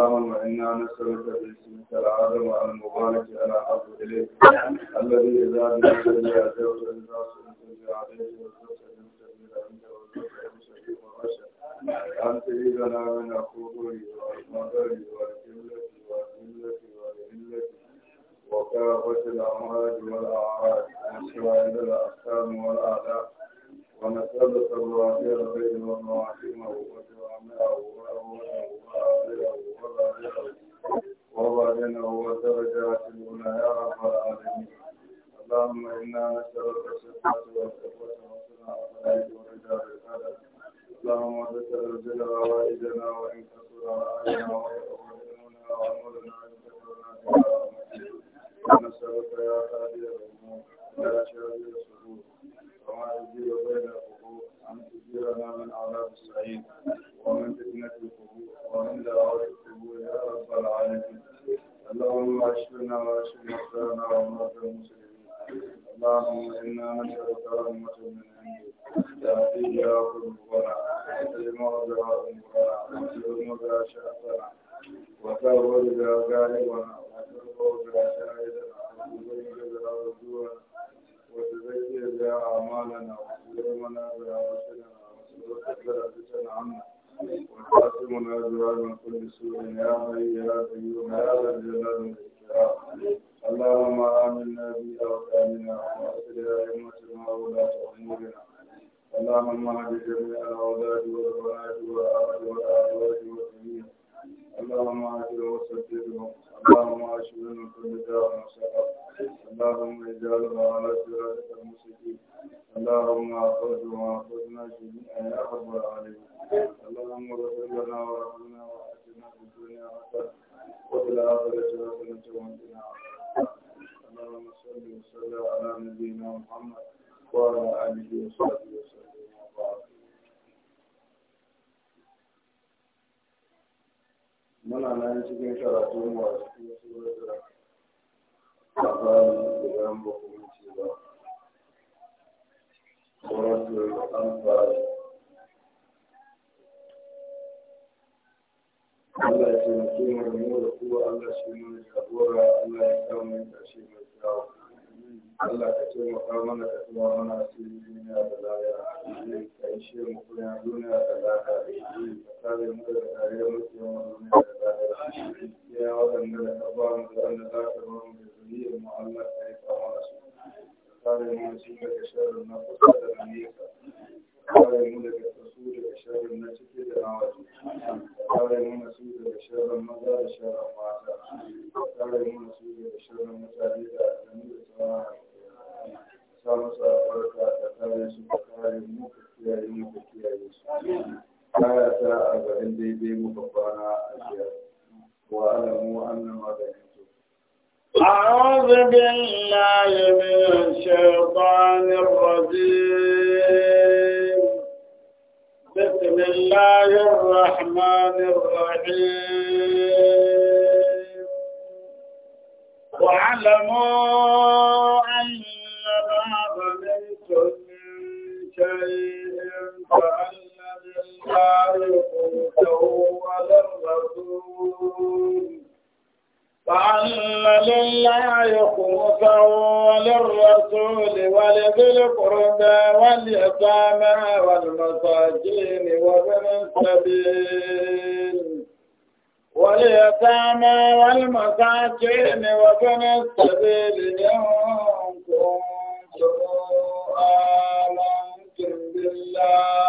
اللهم إنا نسألك باسمك العظيم المبارك على حظ إليك الذي إذا بك إلي أجبت إذا سئلت إلي عليك وزدت من سبيل أنت وزدت من سبيل ورشد أنت إذا من أخوضي ومدري وجلتي وذلتي وذلتي وكافة الأمراض والأعراض وسوائل الأحكام والأعداء ونسألك الله خير بين والمعصمة وجوامعه وأوله وبعدنا هو درجات الأولى يا رب العالمين اللهم إنا نسألك الشفاعة والثبات وحسن عقلك ورضا رسالك اللهم ذكر الجل روائدنا وإن كسر رعاينا وإعلمنا وأمرنا أن تكرنا نسألك يا خالد الأمور لا شر الصدور وما يجيب بين أن تجيرنا من عذاب السعيد ومن فتنة القبور ومن دعوة القبور يا رب العالمين اللهم اشفنا واشف مرضانا ومرضى المسلمين اللهم إنا نسألك رحمة من عندك تأتي بها قلوبنا وتجمع بها أمورنا وتلم بها شأننا وتغفر بها غالبنا وترفع بها شاهدنا وتبين بها رجوعنا ويزكي بها أعمالنا ويسلمنا بها رشدنا ويسلمنا بها عنا ويقاسمنا بها من كل سوء يا حي يا قيوم يا ذا الجلال والإكرام اللهم آمنا بها وآمنا وأصل أئمتنا وولاة أمورنا اللهم اهد جميع الأولاد والبنات والأهل والأزواج والبنين اللهم اهدهم وسددهم اللهم اشفهم من كل داء وسقط اللهم اجعل على صراطك المستقيم اللهم اخذنا واخذنا جميعا يا رب العالمين اللهم اغفر لنا وارحمنا واتنا في الدنيا حسنه وفي الاخره حسنه وقنا اللهم صل وسلم على نبينا محمد وعلى اله وصحبه وسلم وبارك muna nan cikin karatu mu a cikin surat tsakanin idan ba kuma ce ba suratul anfal Allah ya taimake da mu da Allah shi ne jagora Allah ya samu ƙarshe mai kyawu Allah ka taimaka mana ka tuwa mana asiri duniya da lahira ka ishe mu kuma duniya da lahira ka kare mu da kare mu ke mu duniya da lahira ya wadanda da ka ba mu da wanda za ka ba mu da zuriyar mu Allah ka yi kama da su kare mu shi daga sharrin na kusa da na nesa kare mu daga kasu daga sharrin na ciki da na waje kare mu na su daga sharrin maza da sharrin mata kare mu na su daga sharrin mutane da aljanu da sauran samusa farka tsakanin su tsakanin mu ka kiyaye mu ka kiyaye su aya ta arba'in daidai muka kwana a biyar wa alamu annama da yanzu أعوذ بالله من الشيطان الرجيم بسم الله الرحمن الرحيم واعلموا الله قوته ولا الرسول فأن لله قوته وللرسول ولذي القربى واليتامى والمساكين وابن السبيل واليتامى والمساكين وابن السبيل إن كنتم آمنتم بالله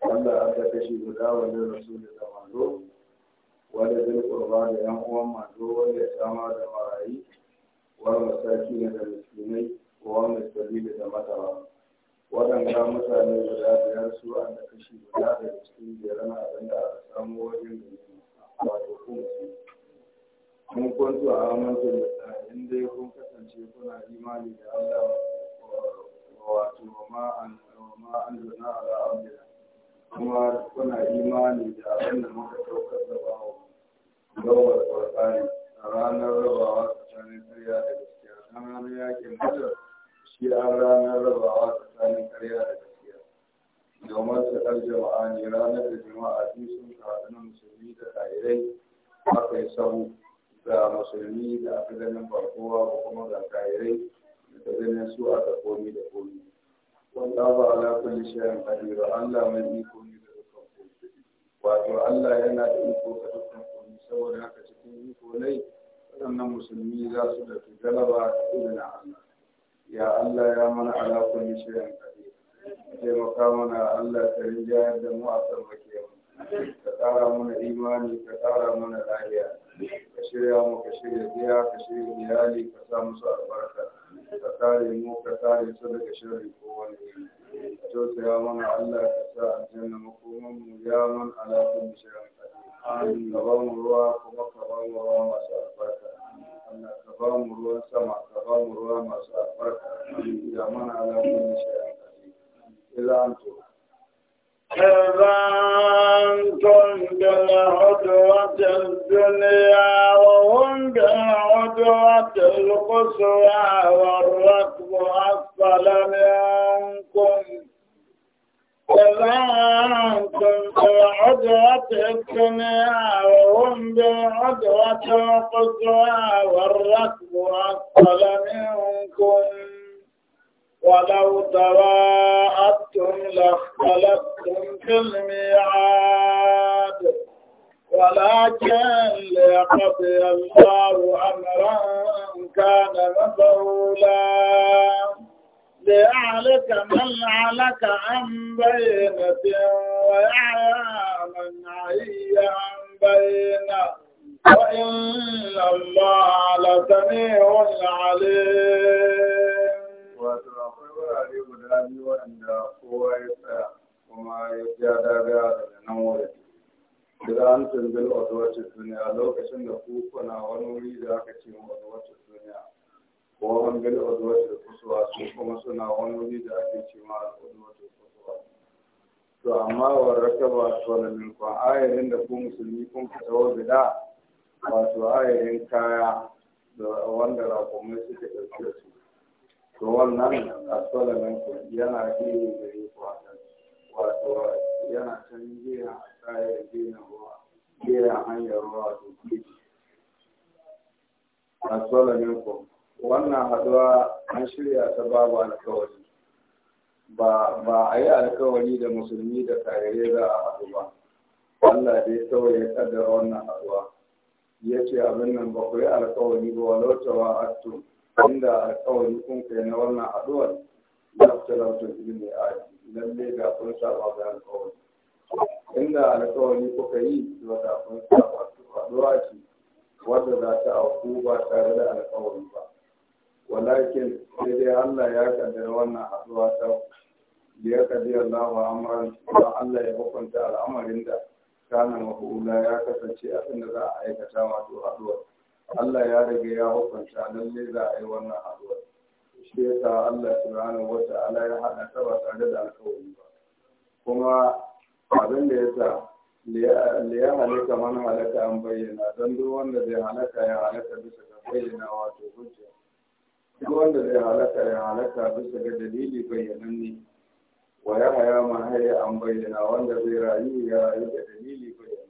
wanda aka kashe guda wani rasu da zamano wanda zai kurba da yan uwan mazo wanda ya sama da marayi wa masaki ne da miskinai wa misali da matawa waɗanda mutane guda biyar su an da kashe guda da cikin biyar na abin da aka samu wajen da ne wato kuma kun kwanto a amintar da inda kun kasance kuna imani da Allah wato ma an ma an zana ala abdina kuma kuna imani da abin da muka saukar da bawo gawar qur'ani a ranar rabawa tsakanin karya da gaskiya na ranar yakin badar shi an ranar rabawa tsakanin karya da gaskiya domin su ɗan jama'a ne ranar da jama'a biyu sun kaɗu na musulmi da ƙa'irai aka yi sahu ga musulmi da aka ganin ba ba kuma ga ƙa'irai ta ganin su aka komi da komi wallahu ala kulli shay'in qadir Allah mai iko ne da dukkan wato Allah yana da iko ga dukkan komai saboda haka cikin iko nai waɗannan musulmi za su da galaba irin Allah ya Allah ya mana ala kulli shay'in qadir taimaka mana Allah ka rinjayar da mu a tsarkake mu ka tsara mana imani ka tsara mana lahiya ka shirya mu ka shirya biya ka shirya iyali ka sa musu albarka ka kare mu ka kare su da sharri ko wani ka tausaya mana Allah ka sa aljanna makoman mu ya man ala kulli shay'in qadir ka ba mu ruwa kuma ka mu ruwa masu albarka Allah ka mu sama mu ruwa masu albarka ila إذا أنتم بالعدوة الدنيا وهم بالعدوة القصوى القصوى والركب أسفل منكم ولو تواعدتم لاختلفتم في الميعاد ولكن ليقضي الله أمرا كان مفعولا ليعلك من علك عن بينة ويحيى من عي عن بينة وإن الله لسميع عليم wurare guda biyu waɗanda kowa ya tsaya kuma ya ja daga daga nan wurin gida an tambil wasuwacin duniya lokacin da ku kuna wani wuri da aka ce wasuwacin duniya ko an bil wasuwacin kusuwa su kuma suna wani wuri da ake ce ma wasuwacin kusuwa to amma warraka ba su wani milkon ayarin da ku musulmi kun fita wabida wato ayarin kaya da wanda rakomai suka ɗauke su to wannan asfala minkum yana gehe gare ku hakan wato yana can gina a tsayar gina ruwa gina hanyar ruwa to keji asfala minkum wannan haduwa an shirya ta babu alkawari ba a yi alkawari da musulmi da kare za a haɗu ba Allah dai kawai ya kaddara wannan haɗuwa ya ce abin nan ba ku yi alkawari ba walau tawa attum wanda alƙawari kun kai na wannan haɗuwar ya fita lafiyar ilimi a lalle ga kun saba ga alƙawari inda alƙawari kuka yi to da kun saba haɗuwa ce wadda za ta auku ba tare da alƙawari ba walakin sai dai Allah ya kaddara wannan haɗuwa ta ya kaddara Allah wa don Allah ya hukunta al'amarin da kana mafi'ula ya kasance a inda za a aikata wato haɗuwar Allah ya rage ya hukunta lalle za a yi wannan haduwar shi sa Allah subhanahu wa ta'ala ya hada ta ba tare da alkawari ba kuma abin da ya sa da ya halaka man halaka an bayyana don duk wanda zai halaka ya halaka bisa ga bayyana wato hujja duk wanda zai halaka ya halaka bisa ga dalili bayyananne wa ya haya man haya an bayyana wanda zai rayu ya rayu da dalili bayyana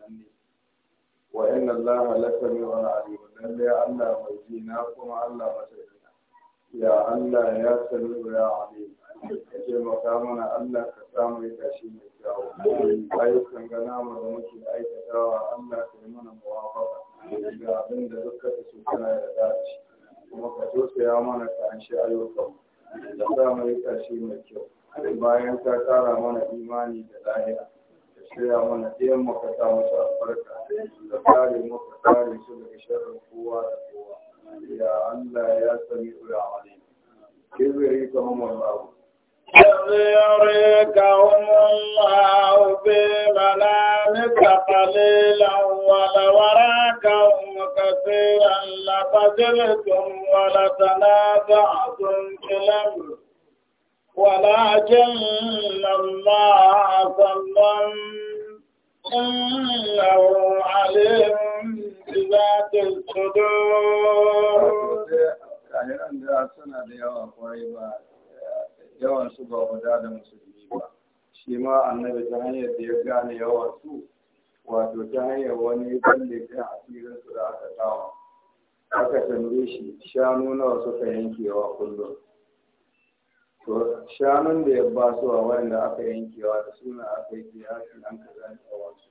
wa inna allaha lasami'un alim lalle allah mai ji na kuma allah masani ya allah ya sami ya alim ka taimaka mana allah ka samu ya tashi mai kyau ayyukan gana mu da muke aikatawa allah ka yi mana muwafaka ga abin da duka ta su kana da dace kuma ka tausaya mana ka an shi ayyukan da samu ya tashi mai kyau bayan ka tara mana imani da lahiya shirya mana ɗayan muka sa musu albarka da kare maka kare su daga sharrin kowa da kowa ya Allah ya sami ula alim kibiri ka humar lawo يريكهم الله في منامك قليلا ولو راكهم كثيرا لفزلتم ولتنازعتم في الامر ولكن الله سلم إنه عليم بذات الصدور kahiran da suna da yawan su ba da musulmi ba shi ma annabi ta hanyar da ya wato ta hanyar wani asirin su da aka aka tambaye shi shanu nawa suka yankewa kullum to shanun da ya ba su a wanda aka yankewa da suna aka yi kiyasin an ka zane a wasu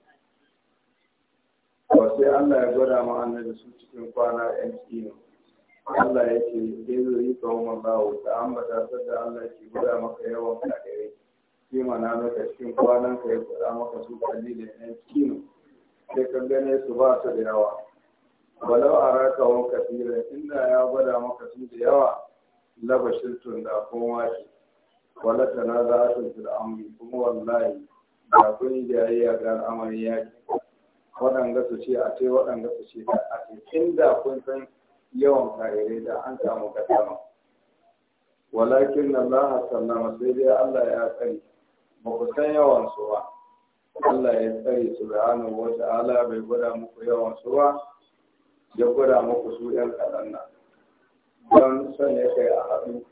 ba sai Allah ya gwada ma da su cikin kwana 'yan ne Allah ya ce dai zai yi kawo mallawo ta ambata sadda Allah ke gwada maka yawan kaɗairai shi na maka cikin kwanan ka ya gwada maka su da 'yan kino. sai ka gane su ba su da yawa walau a raka wani kafirin inda ya gwada maka su da yawa labashirtun da kuma shi. wala tana za a tun amri kuma wallahi da kun yi jayayya ga ya yaki Waɗanda su ce a ce waɗanda su ce a ce inda kun san yawan karirai da an samu kasama walakin Allah sallama sai dai Allah ya tsari ba ku san yawan su ba Allah ya tsare subhanahu wa ta'ala bai gwada muku yawan su ba ya gwada muku su yan kaɗan nan don son ya kai a haɗu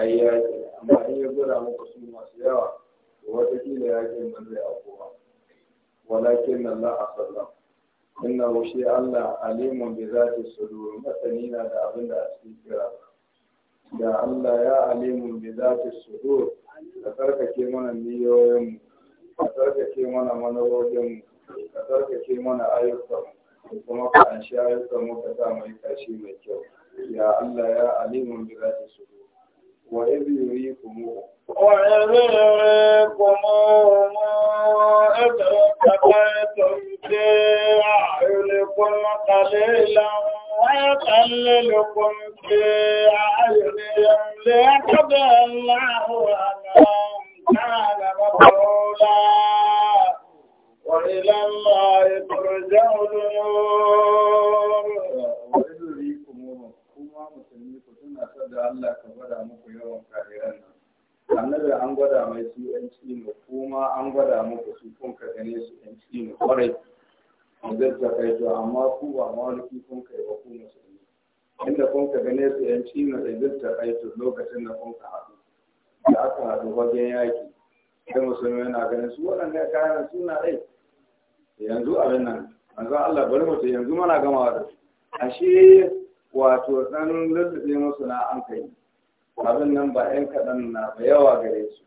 a yi yaƙi amma in ya gura muku su masu yawa watakila yaƙin ba zai aukuwa walakin nan za a sallam inna wushe Allah alimun ta su duru masani na da abin da a cikin kira da Allah ya alimun ta su duru ka tsarkake mana mu ka tsarkake mana mu ka tsarkake mana ayyukan kuma ka anshi ayyukan mu ka sa mai kashi mai kyau يا الله يا عليم بذات الصدور وإذ يريكم وإذ يريكم إذ ارتقيتم في أعينكم قليلا ويقللكم في أعينهم ليقضي الله أنهم كان مقولا وإلى الله ترجع الأمور Allah ka gwada muku yawan kafiran nan annabi an gwada mai su yan cini kuma an gwada muku su kun ka gane su yan cini kwarai zai ta kai to amma ku ba ma wani maliki kun kai ba ku musulmi inda kun ka gane su yan cini da zai ta kai to lokacin da kun ka haɗu da aka haɗu wajen yaƙi. sai musulmi yana ganin su wannan waɗanda kayan suna ɗai yanzu abin nan manzo Allah bari mu yanzu mana gama da su A shi wato ɗan lullube musu na an kai abin nan ba ‘yan kaɗan na ba yawa gare su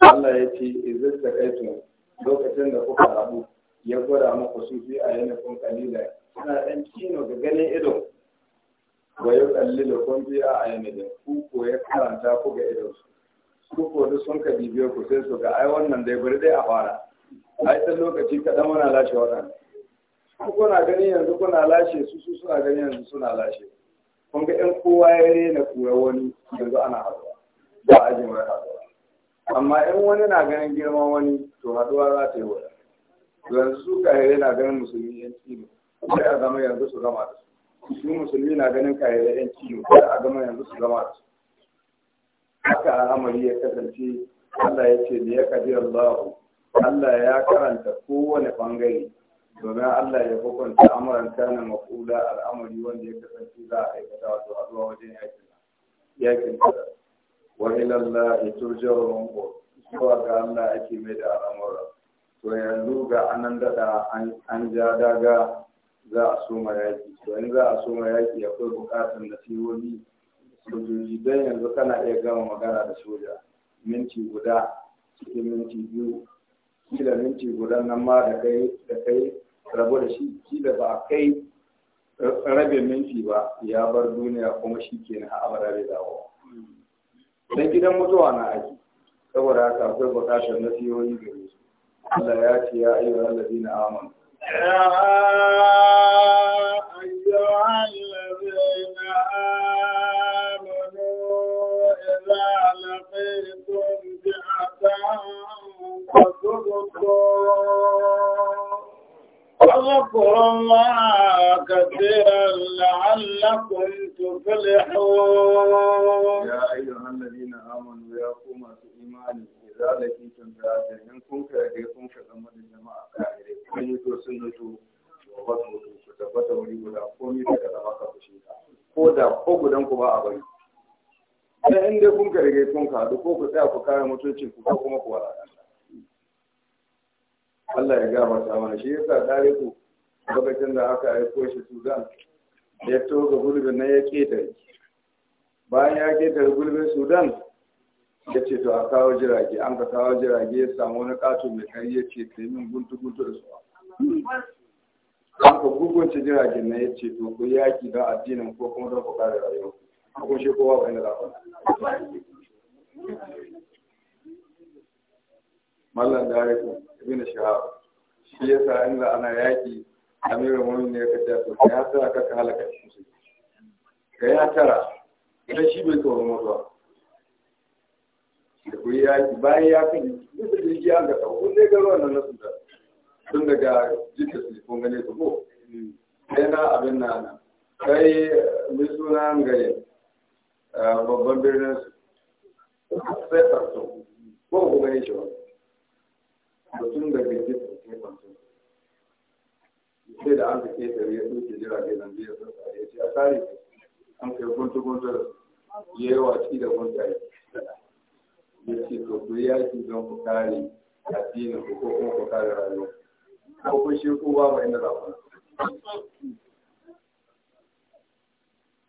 Allah ya ce izir da kaitun lokacin da kuka rabu ya gwada muku su fi a kun kalila suna ɗan kino ga ganin ido ba ya kalli da kun biya a yana ku kuko ya karanta ku ga ido su ko duk sun ka bibiyo ku sai su ga ai wannan dai bari dai a fara ai ɗan lokaci kaɗan muna lashe waɗanda ku kuna ganin yanzu kuna lashe su su suna ganin yanzu suna lashe kun ga ɗan kowa ya rena kura wani yanzu ana haɗuwa ba a jin wani haɗuwa amma in wani na ganin girman wani to haɗuwa za ta yi wada yanzu su kahire na ganin musulmi yan kilo sai a zama yanzu su gama da su su musulmi na ganin kahire yan kilo sai a zama yanzu su gama da su haka al'amari ya kasance Allah ya ce da ya kadir Allah Allah ya karanta kowane bangare domin Allah ya hukunta amuran kana maƙula al'amari wanda ya kasance za a aikata wato a zuwa wajen yakin yakin kada wa ilallah ya turja wa mambo zuwa ga Allah ake mai da al'amura to yanzu ga anan daɗa an ja daga za a soma yaki to in za a soma yaki akwai buƙatar nasihoni sojoji don yanzu kana iya gama magana da soja minti guda cikin minti biyu kila minti guda nan ma da kai da kai rabu da shi shi da ba kai rabin minti ba ya bar duniya kuma shi ke na abada da dawo don gidan mutuwa na aiki saboda haka akwai bukatar nasihohi gare su Allah ya ce ya ayyuhal ladina amanu ya ayyuhal ladina amanu idza laqitum a fasudqu واذكروا الله كثيرا لعلكم تفلحون يا أيها الذين آمنوا يا قوم إيمان إذا لقيتم فئة منكم فأجيكم كغمد الجماعة كاهرين فنيتوا سنتوا وغضبوا فتبت وليولا قومي فكذبك بشيكا كودا كودا كوبا أبي da inda kun ka rige kun ka duk ko ku tsaya ku kare mutuncin ku ko kuma ku wadata Allah ya gabata mana shi yasa tariku lokacin da aka aiko shi Sudan ya toga gulbin nan ya ketare bayan ya ketare gulbin Sudan ya ce to a kawo jirage an ka kawo jirage ya samu wani katon mai kari ya ce ta yi min guntu guntu da su an ka gugunce jiragen nan ya ce to ku yaki don addinin ko kuma don ku kare rayuwa a kun shi kowa wani lafa mallan dare ku ibn shahab shi yasa in za ana yaki amirul mu'minin ya kace to ya tsara ka ka halaka shi ga ya hasara idan shi bai tsoro mutuwa da ku yi bayan ya duk da jirgi an ga ɗauko ne ga ruwan nan na sudan tun daga jikin su kun gane su ko sai na abin na nan kai mai suna gare babban birnin su sai farto ko ku gane shi ba mutum da gaske sai kwancin sai da an kake da ya tsoke jirage nan biyu sun ya ce a tsari an kai guntu guntu da ya yi watsi da guntaye ya ce to ku yi yaki don ku kare addinin ku ko kuma ku kare rayuwa ko kun shi ku ba ba inda za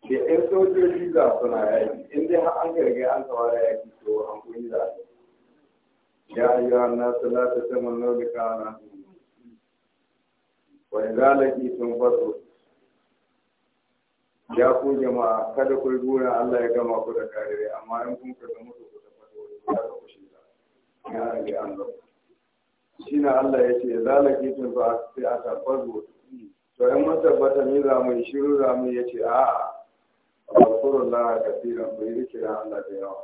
da yan sojoji ga suna yaki in dai har an karge an tsawara da yaki to an kuni za su يا أيها الناس لا تتمنوا وإذا لقيتم فضل ya ku jama'a kada ku burin Allah ya gama ku da karire amma in kun ka ku ya ku shi da ya shi na Allah ya ce zalaki tun ba sai a tabbazu to in mun tabbata ni za mu shiru za mu yi ya ce a'a a kurun la ka tsira ku yi Allah da yawa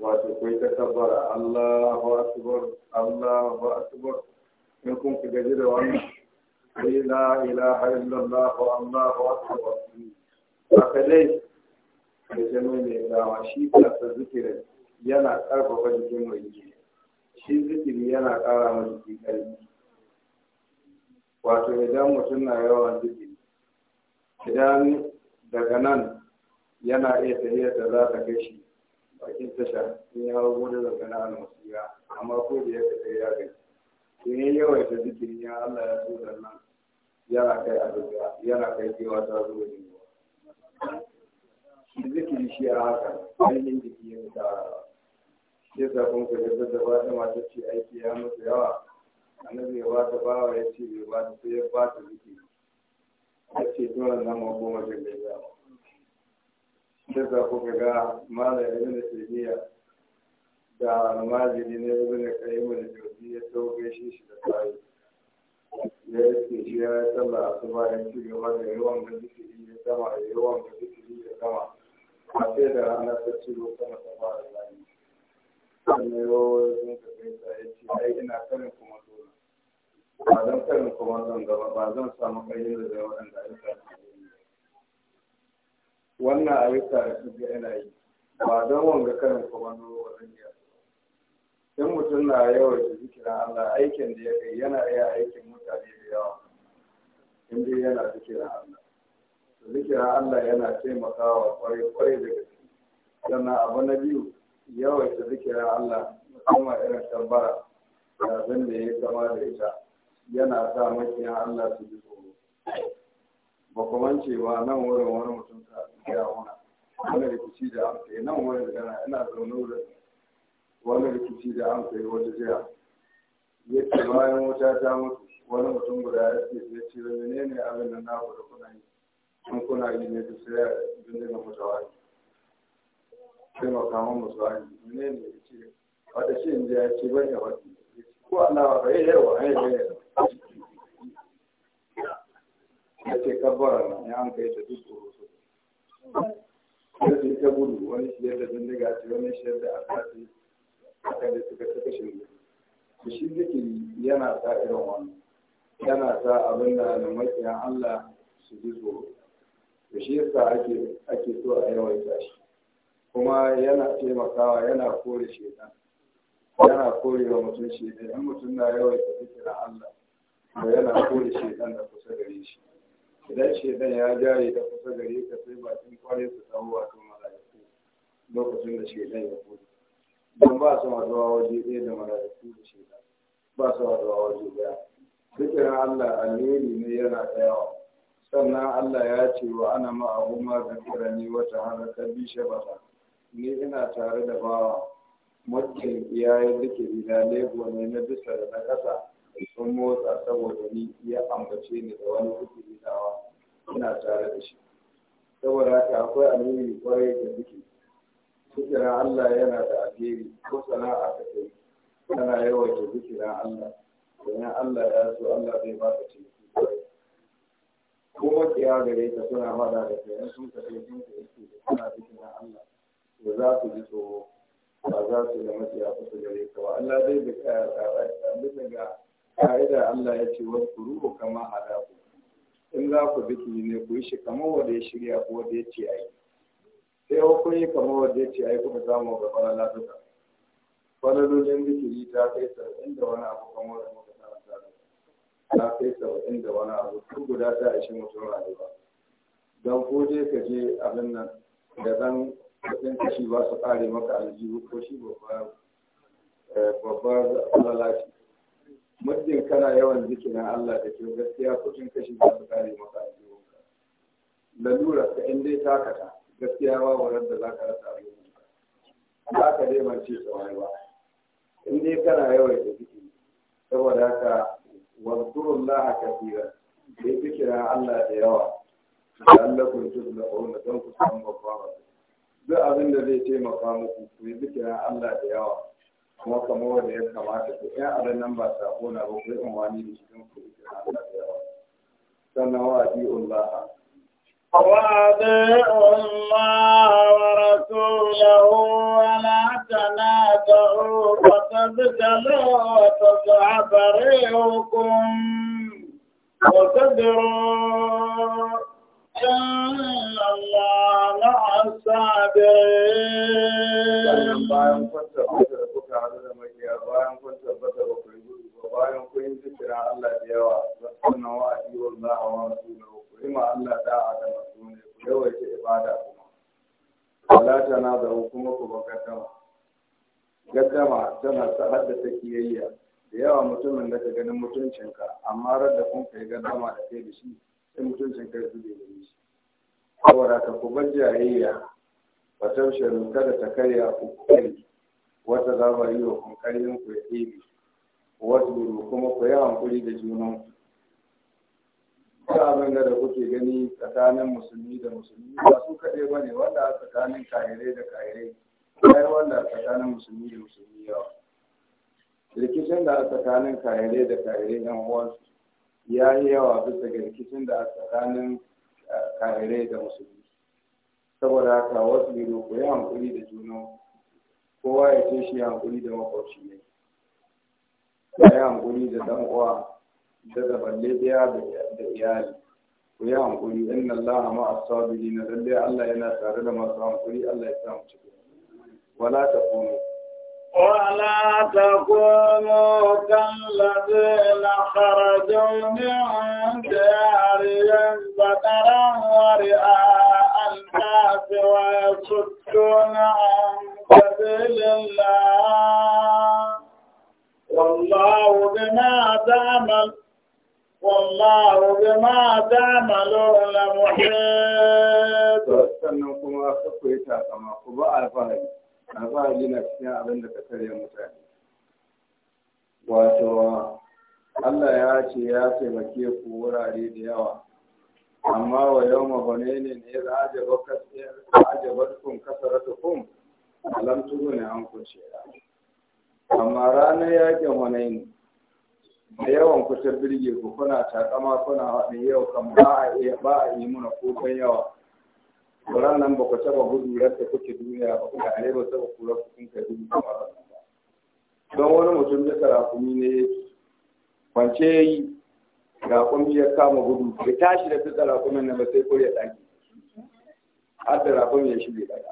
wato kai ta tabbara Allahu akbar Allahu akbar in kun ku gaji da wannan sai la ilaha illallah Allahu akbar haka dai da jami'in mai dama shi kansa zikirin yana karfafa jikin mai jiki shi zikiri yana kara mai jiki kai. wato idan mutum na yawan zikiri idan daga nan yana iya tafiya da za ta kai shi bakin tasha in ya hau gudu da kana almasiya amma ko da ya kaɗa ya gaji in ya yawaita zikirin ya Allah ya so nan yana kai abuja yana kai kewa ta zuwa jinuwa shi zikiri shi a haka ainihin jiki ya fita shi yasa kun ka yadda da ba ta mata ce aiki ya mutu yawa annabi ya ba ta bawa ya ce bai ba ta sai ya ba ta zikiri ya ce dole nan ma goma jirgin yawa kisa kuka ga malam ibn taymiya da almajiri ne ibn qayyim al-jawzi ya tauke shi shi da sai ya ce shi ya sallah su ba ya ci gaba da yawan da zikiri ya gama da yawan da zikiri ya gama a sai da rana ta ci gaba sama ta fara zani sannan yawon sun ka gaisa ya ce ai ina karin kuma dole ba zan karin kuma zan gaba ba zan samu kayyar da waɗanda ya sa wannan ayyuka da su ga yana yi ba don wanga karin kwamando wajen ya in mutum na yawar da zikirin Allah aikin da ya kai yana iya aikin mutane da yawa in dai yana zikirin Allah zikirin Allah yana taimakawa kwarai-kwarai da gaske sannan abu na biyu yawar da zikirin Allah musamman irin tambara da abin da ya kama da ita yana sa makiyan Allah su ji tsoro ba cewa nan wurin wani mutum ta gaya wana wani rikici da an na nan wurin ina zaune wani rikici da an wata jiya ya ce bayan wuta ta mutu wani mutum guda ya ce ya ce mene ne abin da na kuɗa kuna yi kuna yi ne da sai ya bindiga mutawa sai makaman musuwa ne ya ce wata shi in ya ce ban ya ko Allah ba ya yi yawa ya yi yawa ya ce kabbara na ya an kai ta duk tsoro sai ta gudu wani shi da bindiga ce wani shi yadda asasi aka da suka ta kashe ne to shi zikiri yana sa irin wani. yana sa abin da almakiyan Allah su ji tsoro to shi yasa ake ake so a yawan shi kuma yana taimakawa yana kore shedan yana kore wa mutum shedan in mutum na yawaita zikirin Allah to yana kore shedan da kusa gare shi idan shaidan ya jaye ta kusa gare ka sai bakin kwarai su samu wato mala'iku lokacin da shaidan ya kudu don ba su haduwa waje ɗaya da mala'iku da shaidan ba su haduwa waje ɗaya zikirin Allah alheri ne yana da yawa sannan Allah ya ce wa ana ma'abu ma zakira ni wata haraka bi shabata ni ina tare da bawa mutum ya yi zikiri na lebo ne na bisa da na ƙasa sun motsa saboda ni ya ambace ni da wani hukumi nawa ina tare da shi saboda haka akwai alheri kwarai da duke zikirin Allah yana da alheri ko sana'a ka kai kana yawaita zikirin Allah domin Allah ya so Allah zai ba ka ciniki kwarai ko makiya gare ka suna hada da kai in sun kafe sun ka yake da Allah to za su ji tsoro ba za su da makiya kusa gare ka ba Allah zai bi kaya tsara bisa ga ka'ida Allah ya ce wasu ruhu kama hada ku in za ku biki ne ku yi shi kamar wanda ya shirya ko wanda ya ce ai sai ku yi kamar wanda ya ce ai kuka samu ga falala duka falalolin zikiri ta kai saba'in da wani abu kamar wanda muka karanta ta kai saba'in da wani abu su guda ta ishi mutum rayuwa don ko dai ka je abin nan da ɗan kuɗin kashi ba su kare maka aljihu ko shi babbar eh, babbar lalaci muddin kana yawan zikirin Allah da kyau gaskiya kucin kashi za su kare maka a jiwonka lalura ka in dai takata gaskiya wa wurin da za ka rasa a jiwonka za ka dai mance tsawai ba in dai kana yawan da ziki, saboda ka wazkurun laha kafiran da yi zikirin Allah da yawa da Allah kun tuzu da ƙaunar don ku samu babba duk abin da zai taimaka muku ku yi zikirin Allah da yawa kuma kamar wanda ya kamata ku ɗan abin nan ba sako na ba ku yi umarni da shi don ku yi kira Allah da yawa sannan wa adi'un laha وأطيعوا الله ورسوله ولا تنازعوا فتبتلوا وتصعب ريحكم وتدروا إن الله مع الصابرين. a bayan kun tabbata ba ku yi gudu ba bayan kun yi zikira Allah da yawa ba sunna wa adiyar Allah wa rasulahu ku yi ma Allah da'a da masu ne ku yawaita ibada kuma wala na da kuma ku ba gaddama gaddama tana ta haddasa kiyayya da yawa mutumin da ta ganin mutuncinka amma rar da kun kai gaddama da kai da shi sai mutuncinka ya zube da shi saboda ka ku bar jayayya fatar shirin kada ta karya ku kai wata za ba yi wa kunkarin ku ya ɗebe wasu kuma ku yi hankuri da junan ku ta abin da da kuke gani tsakanin musulmi da musulmi ba su kaɗai ba ne wanda a tsakanin kahirai da ya yi wanda a tsakanin musulmi da musulmi yawa rikicin da a tsakanin kahirai da kahirai ɗan uwansu ya yi yawa bisa ga rikicin da a tsakanin eh, kahirai da musulmi saboda haka wasu ku yi hankuri da junan ku kowa ya ce shi hankuli da makwabci ne ya yi hankuli da dan uwa da zaban lafiya da iyali ku yi hankuli inna allaha ma asabili na lalle allah yana tare da masu hankuli allah ya samu ciki wala ta kunu ولا تكونوا كالذين خرجوا من ديارهم بطرا ورئاء الناس ويصدون عن سبيل الله والله بما تعمل والله بما تعملون محيط sannan kuma ka koyi takama ku ba alfahari alfahari na da ka karya mutane wato Allah ya ce ya taimake ku wurare da yawa amma wa yau mahonai ne ne za a jabar kasar kasarata kuma? alamtu ne an kunce amma ranar yakin ne da yawan ku birge ku kuna takama kuna haɗin yau kan ba a iya ba a yi muna kukan yawa nan ba ku taɓa gudu da kuke duniya ba ku da ba taɓa kura ku kun kai gudu kamar ba don wani mutum da karakumi ne kwance ya yi rakumi ya kama gudu ya tashi da fitsa rakumin na ba sai kore ɗaki har da rakumi ya shige daga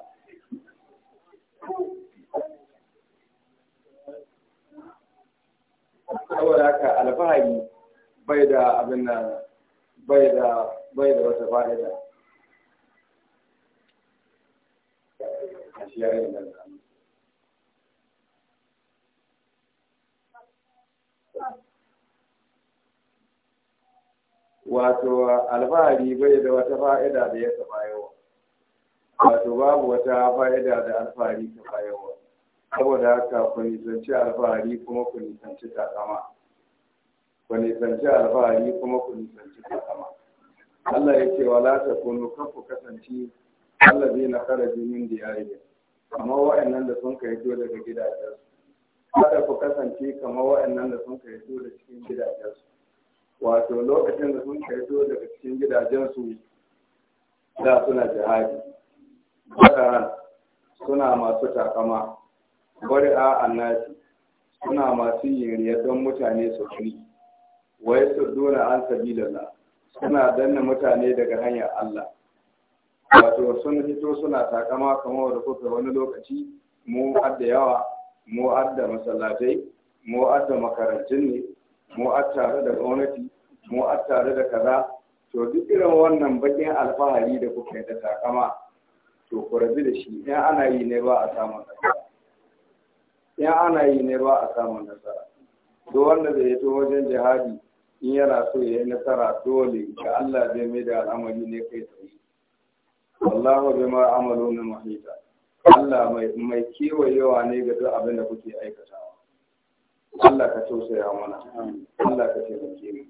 saboda haka alfahari bai da abin nan bai da bai da wata fa'ida a shi wato alfahari bai da wata fa'ida da ya taɓa yawa wato babu wata fa'ida da alfahari ta bayarwa saboda haka ku nisanci alfahari kuma ku nisanci takama ku nisanci alfahari kuma ku nisanci takama Allah ya ce wala ta kunu kan ku kasance Allah zai na jinin da diyariya amma wa'annan da sun kai to daga gidajensu kada ku kasance kamar wa'annan da sun kai to daga cikin gidajen su. wato lokacin da sun kai to daga cikin gidajen su, da suna jihadi waɗannan suna masu takama bari a annasi suna masu yin don mutane su kuri wai su dona an sabilala suna danna mutane daga hanyar Allah wato sun fito suna takama kamar da kuka wani lokaci mu adda yawa mu adda masallatai mu adda makarantun ne mu tare da gwamnati mu tare da kaza to duk irin wannan bakin alfahari da kuka yi da takama to ku rabi da shi in ana yi ne ba a samun nasara in ana yi ne ba a samun nasara duk wanda zai to wajen jihadi in yana so ya yi nasara dole ga Allah zai mai da al'amari ne kai tsaye wallahu bima amaluna mahita Allah mai kewayewa ne ga duk abin da kuke aikatawa Allah ka tausaya mana Allah ka taimake mu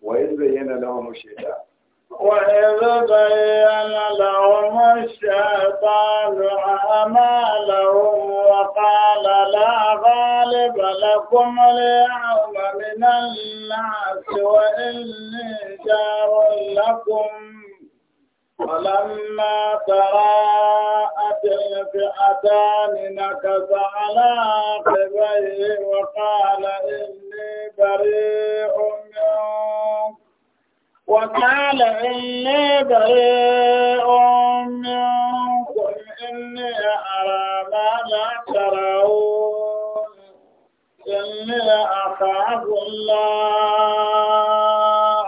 wa yanzu yana mu shaida وإذ بين لهم الشيطان أعمالهم وقال لا غالب لكم اليوم من الناس وإني جار لكم ولما تراءت الفئتان نكس على عقبيه وقال إني بريء منكم وقال إني بريء منكم إني أرى ما لا ترون إني أخاف الله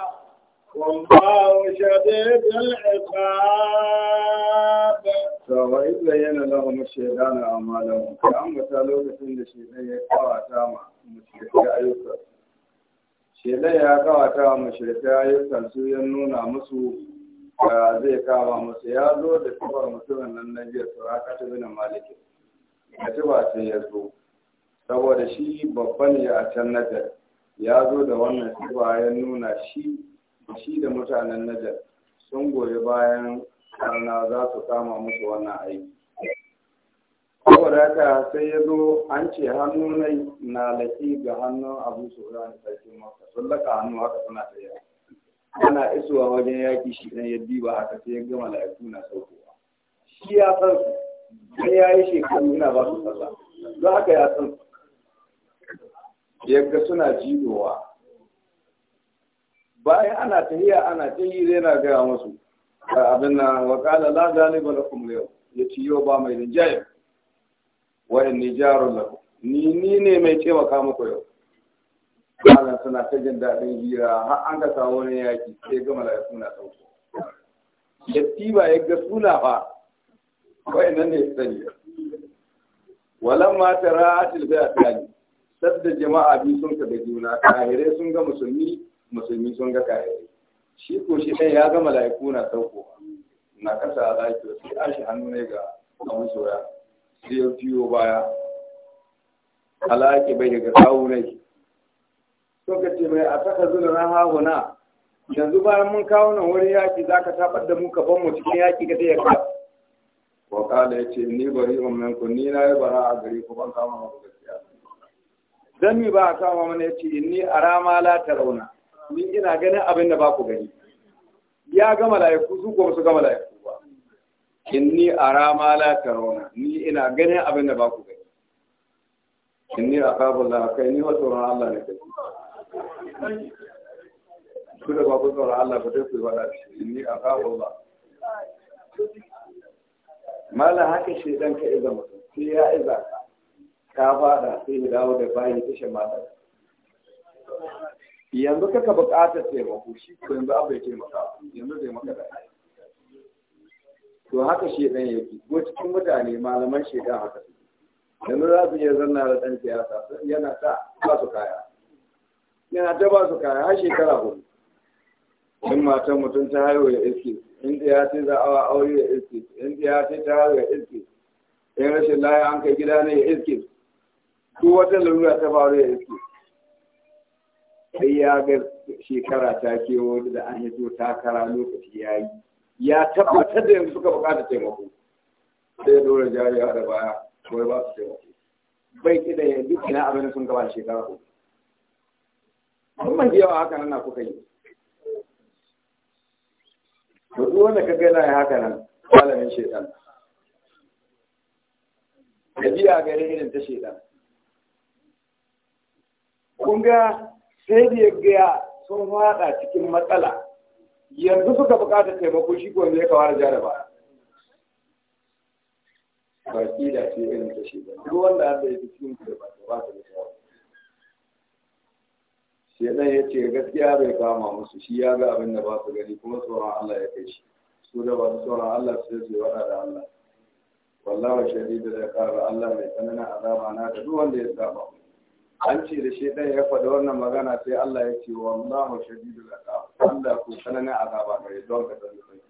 والله شديد العقاب فوإذ بين لهم الشيطان أعمالهم كأن مثالوك عند الشيطان يقرأ تاما مشركة أيوكا shelar ya kawata wa mashirka ayyukan su ya nuna musu da zai kama musu ya zo da tubar mutumin nan na jiya raka ta binin maliki ci ba sai ya zo saboda shi babban ya a can najar ya zo da wannan tuba ya nuna shi shi da mutanen najar sun goyi bayan karna za su kama musu wannan aiki saboda haka sai ya zo an ce hannu na laki ga hannu abu sura da sarkin maka sun laka hannu haka suna tsaye ana isowa wajen yaƙi shi ɗan ya diba haka sai ya ga mala'iku na saukowa shi ya san su sai ya yi shekaru yana ba su sallah don haka ya san su yadda suna jidowa bayan ana tahiya ana tahi zai na gaya musu abin nan wakala la galiba lakum yau ya ci yau ba mai rinjaye wa inni jarun lahu ni ni ne mai taimaka muku yau malam suna ta jin daɗin hira har an ka samu wani yaƙi sai ga mala'iku na sauko ba ya ga suna fa nan ne sani walan ma tara atil bi atali sadda jama'a bi sun ka da juna kahire sun ga musulmi musulmi sun ga kahire shi ko shi ɗan ya ga mala'iku na sauko na kasa a zaki a shi hannu ne ga abin soya sai ya fiyo baya alaƙi bai daga kawo nai suka ce mai a taka zuwa na na. yanzu bayan mun kawo nan wani yaƙi za ka tabar da mu ban mu cikin yaƙi ga ta yaka wa kala ya ce ni bari umman ku ni na yi bara a gari ku ban kama mu gaskiya dan mi ba a kama mana ya ce a arama la rauna. ni ina ganin abin da ba ku gani ya gama mala'iku su ko su gama mala'iku inni ara ma la tarawna ni ina ganin abin da ba ku gani inni akabu la kai ni wato ran Allah ne kai ku da ba ku tsoron Allah ba dai ku wada inni akabu la mala haka shi dan ka iza mutum sai ya iza ka fada sai ya dawo da bayi kishin mata yanzu kaka buƙatar taimako shi ko yanzu abai taimaka yanzu zai maka da to haka shi ɗan yake ko cikin mutane malaman shedan haka su yanzu za su iya zanna da ɗan siyasa yana ta ba su kaya yana ta ba su kaya har shekara hudu in matan mutum ta haihu ya iske in da ya ce za a aure ya iske in da ya ce ta haihu ya iske in rashin laya an kai gida ne ya iske ko wata lalura ta faru ya iske sai ya ga shekara ta kewo da an hito takara lokaci ya yi ya tabbatar da yanzu suka bukata taimako sai dole jariya da baya kawai ba su taimako bai ki da ya duk ina abin sun gaba shekara ko kuma da yawa haka nan na kuka yi to duk wanda ka ga yana haka nan malamin shedan tafiya gare irin ta shedan kun ga sai da ya ga sun fada cikin matsala yanzu suka buƙatar taimako shi ko ne ya kawar ja da baya baki da ce irin ta shi duk wanda an da ya fi cikin da ba ta ba ta da shawar shedan ya ce gaskiya bai kama musu shi ya ga abin da ba su gani kuma tsoron Allah ya kai shi su da ba su tsoron Allah sai su wada da Allah wallahi shadidu da kara Allah mai tsanana azaba na da duk wanda ya saba an ce da shi ɗaya ya faɗi wannan magana sai Allah ya ce wa Allahu da iqab Allah ku gaba ga gare don ka san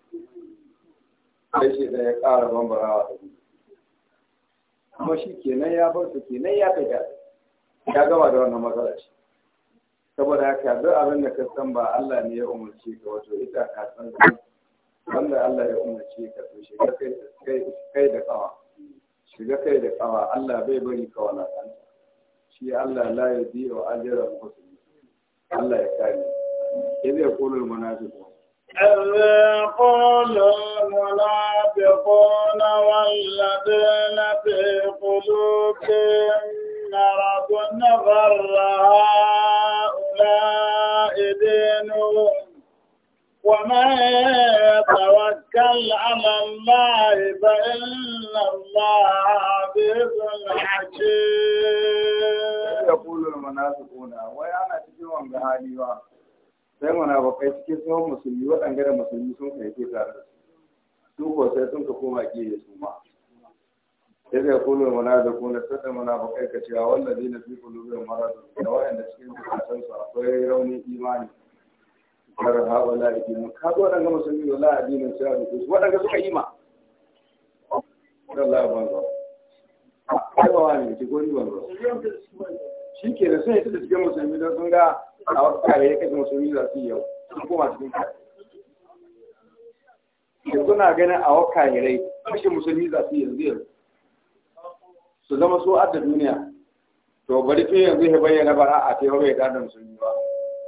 sai shi ɗaya ya ƙara bambarawa da shi kuma shi kenan ya bar su kenan ya kai da ya gama da wannan matsala ce saboda haka duk abin da ka san ba Allah ne ya umarce ka wato ita ka san wanda Allah ya umarce ka to shiga kai da kawa shiga kai da kawa Allah bai bari ka wala kanta shi Allah la ya bi wa ajira musulmi Allah ya kare idh yaqulu almunafiqun يقول المنافقون والذين في قلوبهم مرض غر هؤلاء دينهم ومن يتوكل على الله فإن الله عزيز حكيم ya kulul munafiquna wai ana cikin wanga hali ba sai kai cikin tsohon musulmi waɗanda da musulmi sun kai ke tare da su ko sai sun ka koma ke su ma sai da kulul munafiquna sai da kai ka cewa wallazi na fi qulubihim marad da waɗanda cikin zukatan sa akwai raunin imani kar haula idin ka zo daga musulmi wallahi addinin sai da su waɗanda suka yi ma Allah ya Ba Ai ba wani ki gori banzo. shi ke da sun yi da cikin musulmi don sun ga a wasu kare ya da musulmi za su yi yau sun koma cikin kare da suna ganin a wasu kare kashe musulmi za su yi yanzu yau su zama su adda duniya to bari tun yanzu ya bayyana ba a ta yau bai da musulmi ba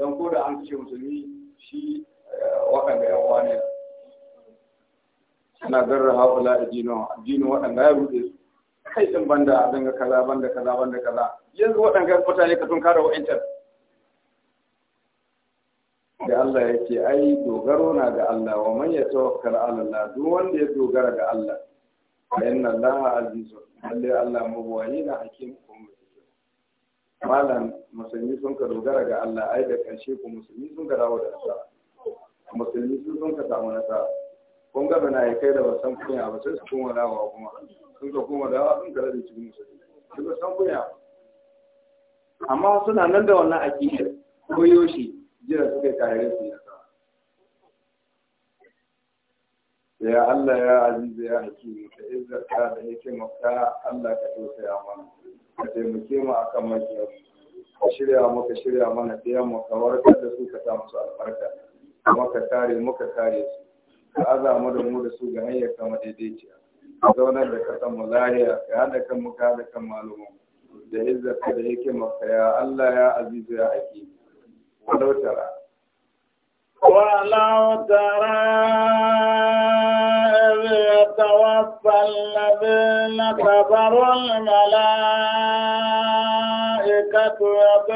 don ko da an kashe musulmi shi eh, waɗanda yan wani suna zarra haɗu da dino waɗanda ya rute su kai din banda abin ga kaza banda kaza banda kaza yanzu waɗanda mutane ka tun kare wa'ancan da Allah ya ce ai dogaro na ga Allah wa man ya tawakkal ala Allah duk wanda ya dogara ga Allah fa inna Allah azizun lalle Allah mabawani na hakim kuma malam musulmi sun ka dogara ga Allah ai da kashe ku musulmi sun ka dawo da nasara musulmi sun ka samu nasara kun ga na ya kai da wasan kunya ba sai su koma dawa kuma sun ka kuma dawa sun ka rage cikin musulmi sun ka san kunya amma suna nan da wannan akidar ko yoshi jira suka kare su ya ya Allah ya azizu ya hakimi ka izzarta da hikima ka Allah ka ya mana ka taimake mu akan makiyar ka shirya mu ka shirya mana ɗayan mu ka warkar da su ka sa musu albarka kuma ka kare mu ka kare su ka aza mu da mu da su ga hanyar kama daidaiciya ka zaunar da kasan mu lahiya ka haɗa kan muka ka haɗa kan malumu da izzarka da hikimar ka ya Allah ya azizu ya hakim walau tara ولو ترى إذ يتوفى الذين كفروا الملائكة a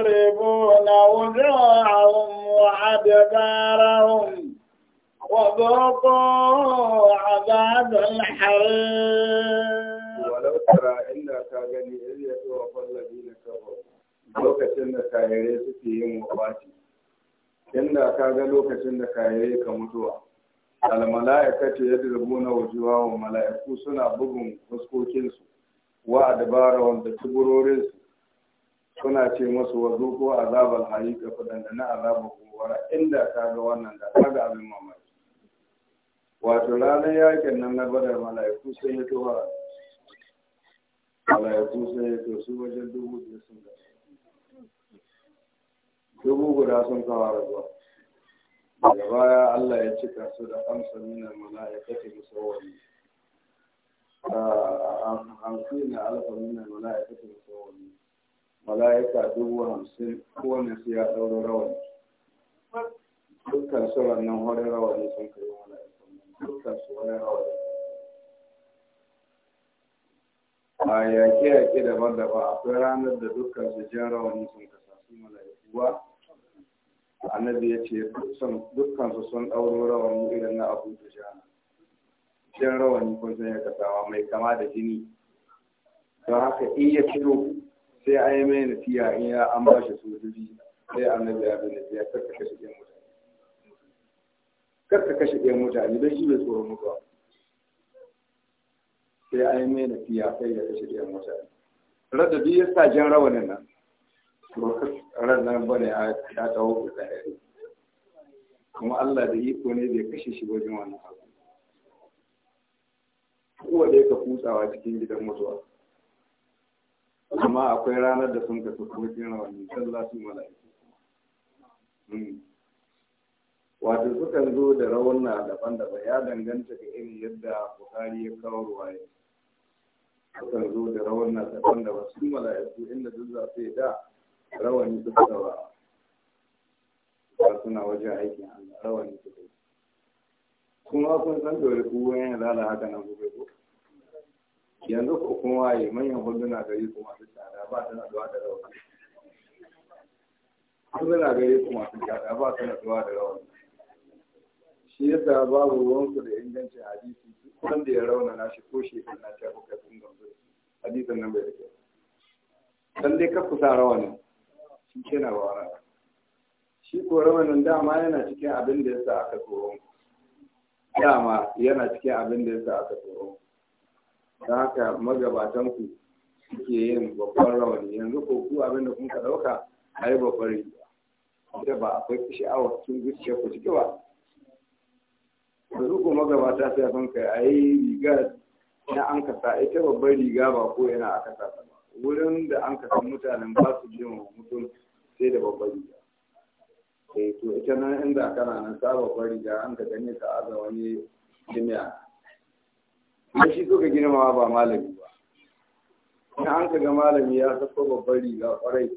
وجوههم وأدبارهم وذوقوا عذاب الحريق ولو ترى إلا كاغني إذ يتوفى الذين كفروا lokacin da kayayyai suke yin wafaci inda ka ga lokacin da kayayyai ka mutuwa almala'ika ce ya dirbu na wajewa wa mala'iku suna bugun fuskokinsu wa adabara wanda tuburorinsu suna ce masu wazo ko azabar hayi ka fadanda na azabar gobara inda ka ga wannan da ta ga abin mamaki wato ranar yakin nan na badar malayaku sun yi towa malayaku sun yi to su wajen dubu biyu sun da dubu guda sun kawo rabuwa daga baya Allah ya cika su da amsa nuna mala'ikati musawwami hamsin ah, na alfa nuna mala'ikati wani mala'ika dubu hamsin kowane su ya ɗauro rawani dukkan su nan horin rawani sun kai malayaka dukkan su wani rawar a yaƙe yaƙe daban daban akwai ranar da dukkan su jan rawani sun kasa su malaikuwa annabi ya ce dukkan su sun ɗauro rawani irin na abu da jana jan rawani kun san ya kasawa mai kama da jini don haka in ya fito sai a yi mai nasiya in ya an ba shi sojoji sai annabi ya bi nasiya karkashe shi mutum kar ka kashe ɗayan mutane don shi bai tsoron mutuwa sai an yi mai nafiya sai ya kashe ɗayan mutane rada biyu ya sa jan rawa nan nan ba ne ya tawo da tsari kuma Allah da iko ne bai kashe shi wajen wannan abu kowa da yake kutsawa cikin gidan mutuwa amma akwai ranar da sun kasu kuma jin rawanin sallah su mala'iku wato sukan zo da rawanna daban-daban ya danganta da irin yadda buhari ya kawo ruwaye sukan zo da rawanna daban-daban su mala'iku inda duk za su da rawani suka gaba ba suna wajen aikin Allah rawani suka yi kuma kun san dole kuwa yana lalata haka nan gobe ko yanzu ko kuma yi manyan huduna gari kuma su tsada ba ta na zuwa da rawani huduna gari kuma su tsada ba ta na zuwa da rawani shi yasa babu ruwanku da ingancin hadisi duk wanda ya raunana shi ko shekaru na shafi kafin kai kun gamsu hadisin nan bai da kyau dan dai ka sa rawanin shi ke na wani shi ko rawanin dama yana cikin abin da ya sa aka tsoron dama yana cikin abin da ya sa aka tsoron don haka magabatan ku suke yin babban rawani yanzu ko ku abin da kun ka dauka yi babbar riga da ba akwai sha'awar cikin zuciya ku ciki ba yanzu ko magabata sai sun kai a yi riga na an kasa ita babbar riga ba ko yana aka sa ba wurin da an kasa mutanen ba su mu mutum sai da babbar riga eh to ita nan inda kana nan sa babbar riga an ka gane ta aza wani jami'a ba shi suka ma ba malami ba in an ka ga malami ya sako babbar riga kwarai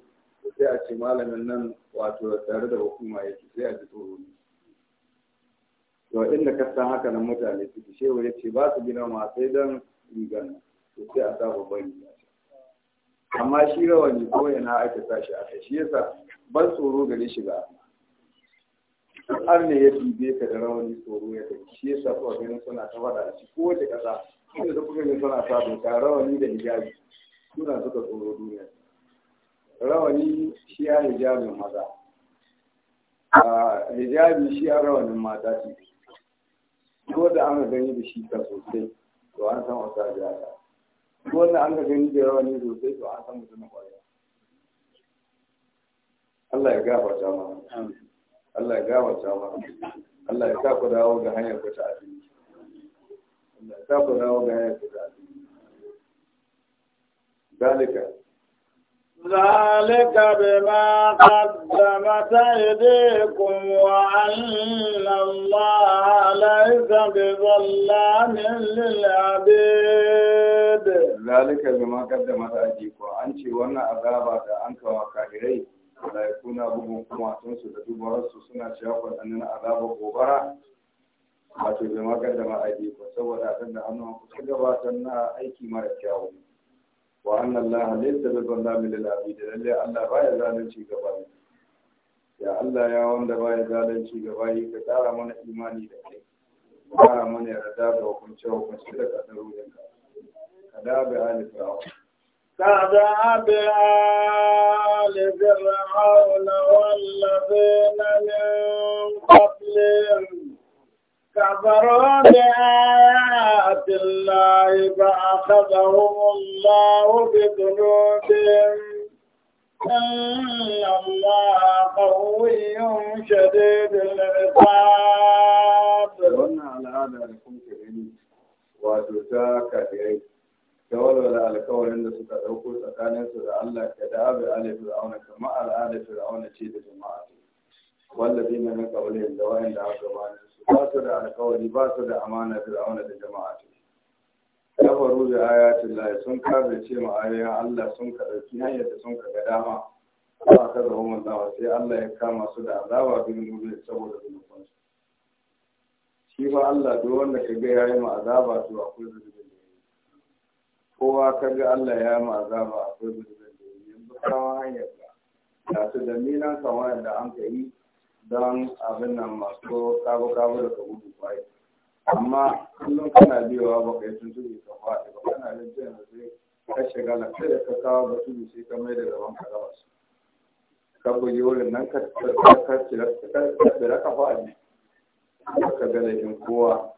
sai a ce malamin nan wato tare da hukuma yake sai a ji tsoro ne to inda ka san haka nan mutane su ce ya ce ba su gina ma sai don rigan to sai a sa babban amma shi rawani ko yana ake sa shi aka shi yasa ban tsoro gare shiga har ne ya dube ka da rawani tsoro ya kai shi yasa ko ganin suna ta faɗa da shi kowace kasa. inda da kuka ganin suna sa doka rawani da hijabi suna suka tsoro duniya rawani shi ya hijabin maza ah, hijabi shi ya rawanin mata ce wanda da an gani da shi ka sosai to an san wata jihata ko wanda an gani da yawa ne sosai to an san mutum kwaya Allah ya gafarta mana Allah ya gafarta mana Allah ya sa ku dawo ga hanyar ku ta addini Allah ya sa ku dawo ga hanyar ku ta addini dalika ذلك بما قدمت أيديكم وأن الله ليس بظلام للعبيد ذلك بما قدمت أيديكم أنت وانا أذابا أنك وكاهري لا يكون أبوهم كما تنسوا لدوبارس سنة شاقا أننا أذابا غبارا wato bai ma kaddama aiki ko saboda abin da hannun ku ta gabatar na aiki mara kyawu wa anna Allah laysa bi zallamin lil abid lalle Allah baya zalunci ga ya Allah ya wanda baya zalunci ga bayi ka tsara mana imani da kai ka tsara mana yarda da hukunci-hukunci da kadarorin ka kada bi ali fir'aun kada bi ali fir'aun wallazina min qablihim كفروا بآيات الله فأخذهم الله ta kafirai ta walwala alkawarin da suka ɗauko tsakaninsu da Allah ka da abi ali fir'auna kama al'ada fir'auna ce da jama'a wallafi na min kawalin da wayan da aka bani su ba su da alkawari ba su da amana fir'auna da jama'a ta faru da ayatin lahi sun kafirce ma ayoyin Allah sun ka ɗauki hanyar da sun ka ga dama ba ka zama sai Allah ya kama su da azaba bin gobe saboda zunuba shi fa Allah duk wanda ka ga yayi ma azaba to akwai zunubin da yayi kowa ka ga Allah ya ma azaba akwai zunubin da yayi yanzu kawo hanyar ka da su da milan kan da an ka don abin nan masu kabo-kabo da ka gudu kwai amma kullum kana biyowa ba kai sun tuntubi ka faɗi ba kana jin jiya da sai ka shiga na da ka kawo ba tudu sai ka mai da gaban ka gaba su ka bugi wurin nan ka tsira ka faɗi aka ga laifin kowa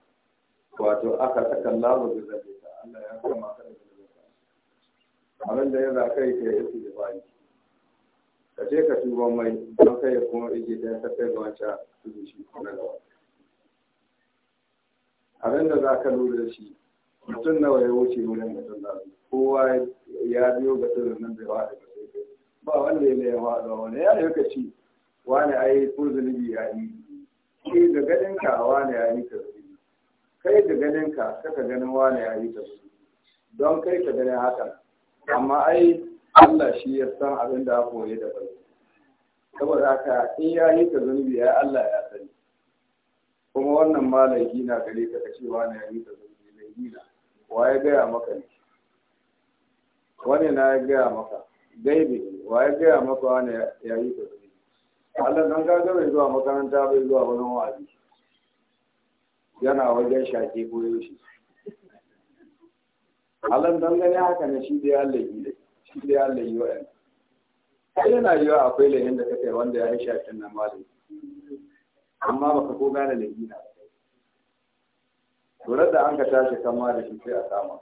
wato aka saka labu da zabe ta Allah ya kama ka da zai ta abin da ya za kai ke yake da bani ka je ka tuba mai don kai ya kuma ije da ta kai ga wancan tudu shi kuma da abin da za ka lura da shi mutum nawa ya wuce wurin mutum da kowa ya biyo ga tudu nan da wada ba kai ba wanda ya ne ya wada wani ya yi ka ci wani ayi ko zunubi ya yi ke da ganin ka wane ya yi tafsiri kai da ganin ka kaka ganin wane ya yi tafsiri don kai ka ganin haka amma ai Allah shi ya san abin da aka koye da bai saboda haka in ya yi ka zunubi ya Allah ya sani kuma wannan malaki na gare ka kace wane ya yi ka zunubi mai gina wa ya gaya maka ne wani na ya gaya maka gaibe wa ya gaya maka wane ya yi ka zunubi Allah nan kaga zuwa makaranta bai zuwa wani wa'azi yana wajen shaki goyo shi Allah dan gani haka ne shi da Allah yi da shi da Allah yi sai yana yiwa akwai lahin da kake wanda ya yi shakin nan malami amma baka ko gane lahi na to da an ka tashi kama da shi sai a kama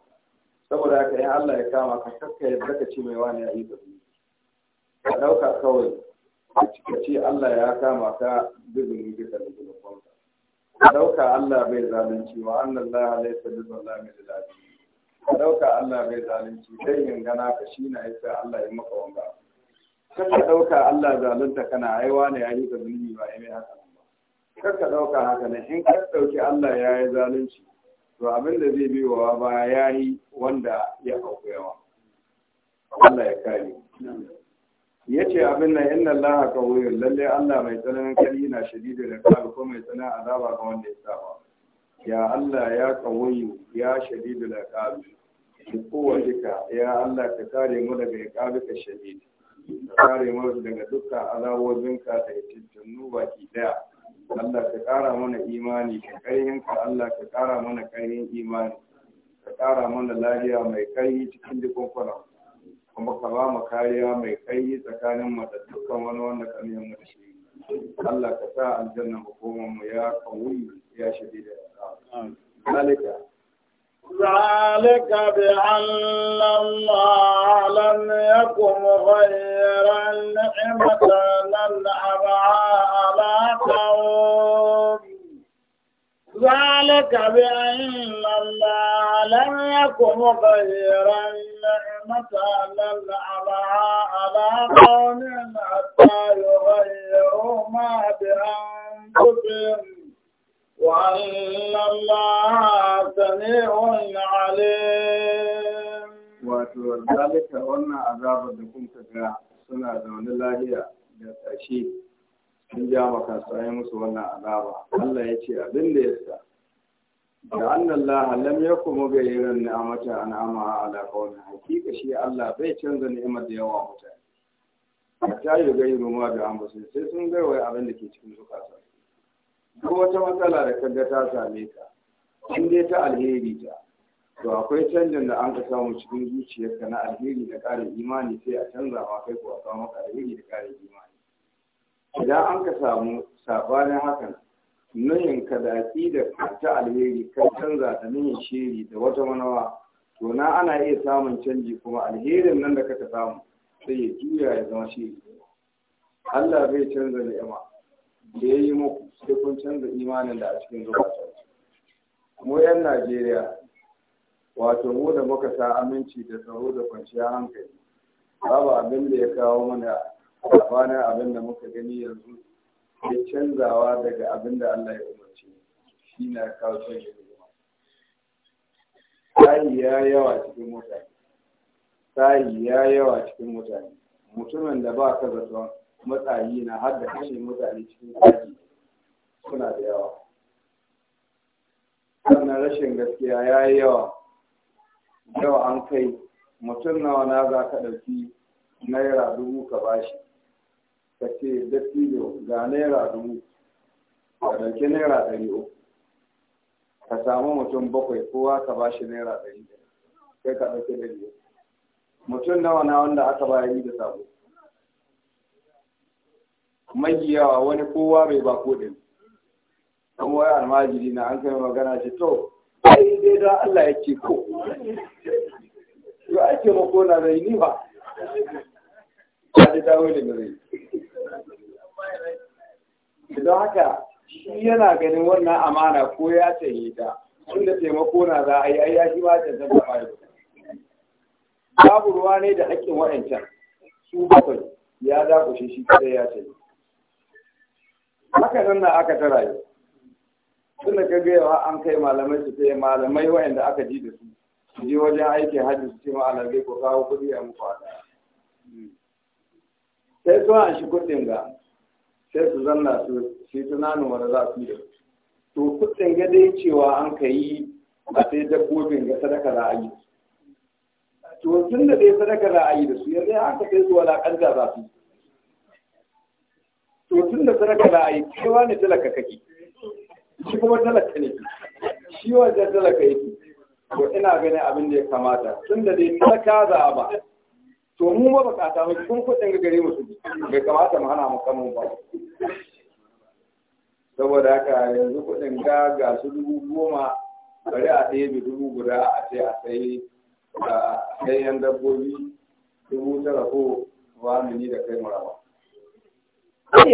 saboda haka in Allah ya kama ka kakka yadda ka ce mai wani ya yi ka dauka kawai a Allah ya kama ka zubin duka da zunubanka ka dauka Allah bai zalunci wa annan la laysa bi zallamin da alamin ka dauka Allah bai zalunci yin gana ka shi na yasa Allah ya maka wanga Kaka ka dauka Allah zalunta kana aiwa ne yi ka zunubi ba mai haka ba kar ka dauka haka ne in ka dauki Allah ya yi zalunci to abin da zai biyo wa baya yi wanda ya hau yawa Allah ya kare ya ce abin nan inna Allah ka wuyin lalle Allah mai tsananin kari na shadidu da kalu ko mai tsananin azaba ga wanda ya saba ya Allah ya ka ya shadidu da kalu ki kowace ka ya Allah ka kare mu daga iqabi ka shadidu ka kare mu daga dukkan ka da tunnu baki daya Allah ka kara mana imani ka kai ka Allah ka kara mana karhin imani ka kara mana lafiya mai kai cikin dukkan kwanan kuma ka ba mu kariya mai kai tsakanin mu da dukkan wani wanda ka nemi shi Allah ka sa aljanna hukumar mu ya kawuyi ya shirye da zalika ذلك بأن الله لم يكن غير نعمة أنعمها ala قوم ذلك بأن الله لم يكن مغيرا نعمة أنعمها على قوم حتى يغيروا ما بأنفسهم وأن الله سميع عليم wato zalika wannan azabar da kun ga suna zaune lahiya da tashi sun ja maka sai musu wannan azaba Allah ya ce abin da yasa da annan laha lam yakum a ni'amata an'ama ala qawmin hakika shi Allah bai canza ni'imar da yawa mutane hatta yi gairu ma da ambasu sai sun gaiwa abin da ke cikin zukata duk wata matsala da kaga ta same ka in dai ta alheri ta to akwai canjin da an ka samu cikin zuciyarka na alheri da ƙarin imani sai a canza ma kai ko a samu alheri da ƙarin imani idan an ka samu sabanin hakan nuhin ka da ta alheri kan canza ta nuhin shiri da wata manawa to na ana iya samun canji kuma alherin nan da ka ta samu sai ya juya ya zama shiri Allah bai canza ni'ima da ya yi muku sai kun canza imanin da a cikin zuwa mu yan Najeriya wato mu da muka sa aminci da tsaro da kwanciyar hankali babu abin ya kawo mana sabanin abin da muka gani yanzu ya canzawa daga abin da Allah ya umarci shi na kawo canji zama sahi ya yawa cikin mutane sahi ya yawa cikin mutane mutumin da ba ka zaton matsayi na har da kashe mutane cikin kwaji suna da yawa sannan rashin gaskiya ya yi yawa yawa an kai mutum nawa na za ka ɗauki naira dubu ka bashi ka ce dattijo ga naira dubu ka ɗauki naira ɗari uku ka samu mutum bakwai kowa ka ba shi naira ɗari sai ka ɗauki ɗari uku mutum nawa na wanda aka ba yi da sabo magiyawa wani kowa bai ba ko ɗin an wai almajiri na an kai magana ce to ai dai don Allah ya ce ko to ake mako na zai ni ba ta ji dawo da zai don haka shi yana ganin wannan amana ko ya canye ta inda taimako na za a yi ai ya ba ta cancan da babu ruwa ne da haƙƙin wa'ancan su bakwai ya ku shi kada ya canye haka nan na aka ta rayu tunda ka gayawa an kai malamai su kai malamai wa'anda aka ji da su su je wajen aikin hajji su ce ma alabai ko kawo kuɗi a muku a sai suna shi kuɗin ga sai su zanna su sai nanu wani za su yi to kuɗin ga dai cewa an ka yi a sai dabbobin ga sadaka za a yi to tun da dai sadaka za a yi da su yanzu an ka kai su da za su yi to tun da sadaka za a yi kewa ne talaka kake shi kuma talaka ne shi wajen talaka yake to ina ganin abin da ya kamata tun da dai talaka za a ba to mu ba bukata mu kun kuɗin gare mu bai kamata mu hana mu kanmu ba saboda haka yanzu kuɗin ga ga su dubu goma bari a bi dubu guda a ce a sai a sai yan dabbobi dubu tara ko wa mini da kai murawa ai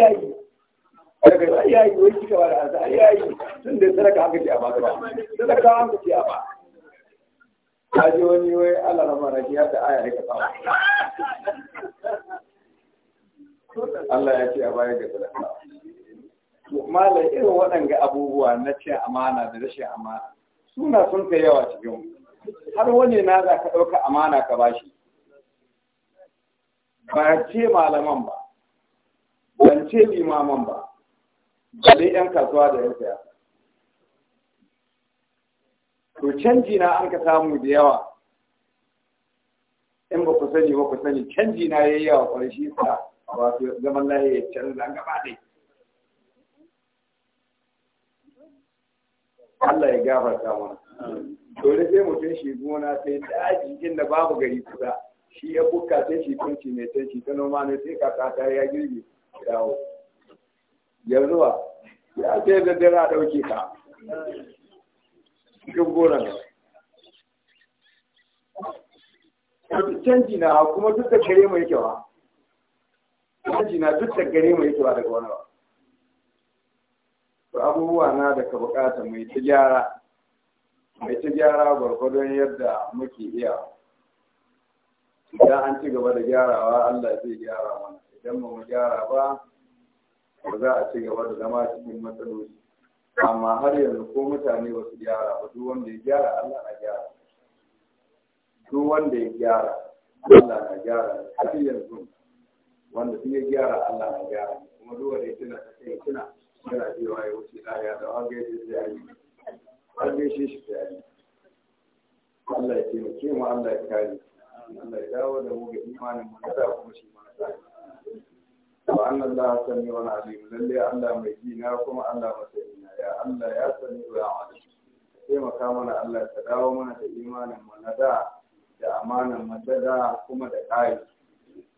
daga ayayi wai kika ba da ayayi tun da sadaka haka ce a ba sadaka haka ce a ba ka ji wani wai Allah na mara ki yadda aya ne ka samu Allah ya ce a bayan da talaka malam irin waɗanga abubuwa na ce amana da rashin amana suna sun kai yawa cikin har wani na za ka ɗauka amana ka bashi ba ce malaman ba ban ce limaman ba ba dai 'yan kasuwa da 'yan siyasa to canji na an ka samu da yawa in ba ku sani ba ku sani canji na yayi yawa ƙwarshe sa wato zaman lahiya ya canza gaba ɗaya Allah ya gafarta mana dole sai mutum shi gona sai daji inda babu gari kusa shi ya buka sai shi kunci mai sai shi ta noma ne sai kaka ta ya girbe dawo yanzu ya ce da dare a ɗauke ka cikin goron wato canji na kuma duk da gare mai kyawa canji na duk da gare mai kyawa daga wani ba to abubuwa na da ka bukata mai ta gyara mai ta gyara gwargwadon yadda muke iya idan an ci gaba da gyarawa Allah zai gyara mana idan ba mu gyara ba ba za a ci gaba da zama cikin matsaloli amma har yanzu ko mutane ba su gyara ba duk wanda ya gyara Allah na gyara duk wanda ya gyara Allah na gyara har yanzu wanda su ya gyara Allah na gyara kuma duk wanda ya tuna ta kai tuna yana cewa ya wuce ɗaya da wanda ya ce ya yi har gaishe shi ta yi Allah ya ce mu Allah ya kare Allah ya dawo da mu ga imanin mu da kuma shi mana kare wa annan da sani wani alim lalle Allah mai ji na kuma Allah masani na ya Allah ya sani wa alim taimaka mana Allah ta dawo mana da imanin mu na da da amanan mu ta da kuma da kai